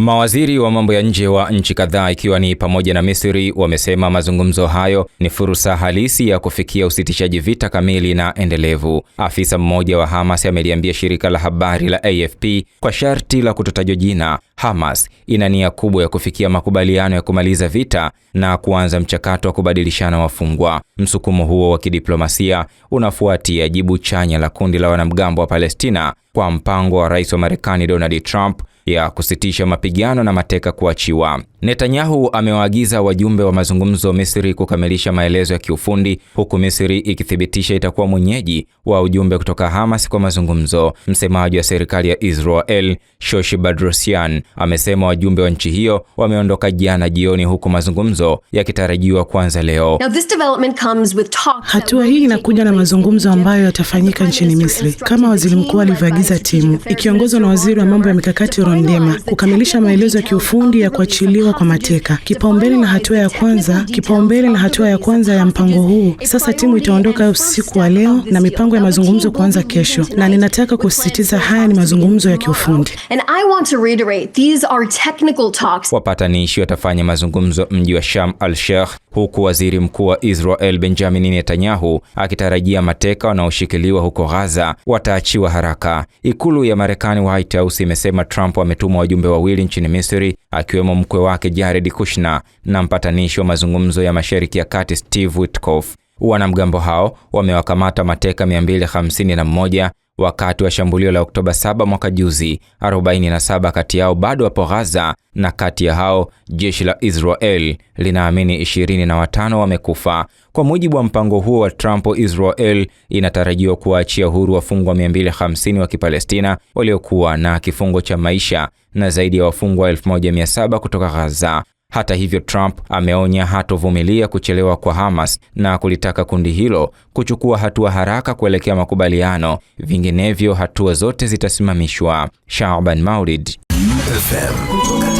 Mawaziri wa mambo ya nje wa nchi kadhaa ikiwa ni pamoja na Misri wamesema mazungumzo hayo ni fursa halisi ya kufikia usitishaji vita kamili na endelevu. Afisa mmoja wa Hamas ameliambia shirika la habari la AFP kwa sharti la kutotajwa jina, Hamas ina nia kubwa ya kufikia makubaliano ya kumaliza vita na kuanza mchakato wa kubadilishana wafungwa. Msukumo huo wa kidiplomasia unafuatia jibu chanya la kundi la wanamgambo wa Palestina kwa mpango wa rais wa Marekani Donald Trump ya kusitisha mapigano na mateka kuachiwa. Netanyahu amewaagiza wajumbe wa mazungumzo Misri kukamilisha maelezo ya kiufundi huku Misri ikithibitisha itakuwa mwenyeji wa ujumbe kutoka Hamas kwa mazungumzo. Msemaji wa serikali ya Israel, Shoshi Badrosian, amesema wajumbe wa nchi hiyo wameondoka jana jioni huku mazungumzo yakitarajiwa kuanza leo. Hatua hii inakuja na mazungumzo ambayo yatafanyika nchini Misri kama waziri mkuu alivyoagiza timu ikiongozwa na waziri wa mambo ya mikakati Ron Dema kukamilisha maelezo ya kiufundi ya kuachiliwa kuondoka kwa mateka. Kipaumbele na hatua ya kwanza, kipaumbele na hatua ya kwanza ya mpango huu. Sasa timu itaondoka usiku wa leo na mipango ya mazungumzo kuanza kesho, na ninataka kusisitiza haya ni mazungumzo ya kiufundi. Wapatanishi watafanya mazungumzo mji wa Sham al Sheikh huku waziri mkuu wa Israel Benjamin Netanyahu akitarajia mateka wanaoshikiliwa huko Gaza wataachiwa haraka. Ikulu ya Marekani, White House, imesema Trump ametuma wajumbe wawili nchini Misri, akiwemo mkwe wake Jared Kushner na mpatanishi wa mazungumzo ya Mashariki ya Kati Steve Witkoff. Wanamgambo hao wamewakamata mateka 251 wakati wa shambulio la Oktoba 7 mwaka juzi. 47 kati yao bado wapo Gaza, na kati ya hao jeshi la Israel linaamini 25 wamekufa. Kwa mujibu wa mpango huo wa Trump, Israel inatarajiwa kuwaachia huru wafungwa 250 wa Kipalestina waliokuwa na kifungo cha maisha na zaidi ya wafungwa 1700 kutoka Gaza. Hata hivyo, Trump ameonya hatovumilia kuchelewa kwa Hamas na kulitaka kundi hilo kuchukua hatua haraka kuelekea makubaliano, vinginevyo hatua zote zitasimamishwa. Shaaban Maulid FM.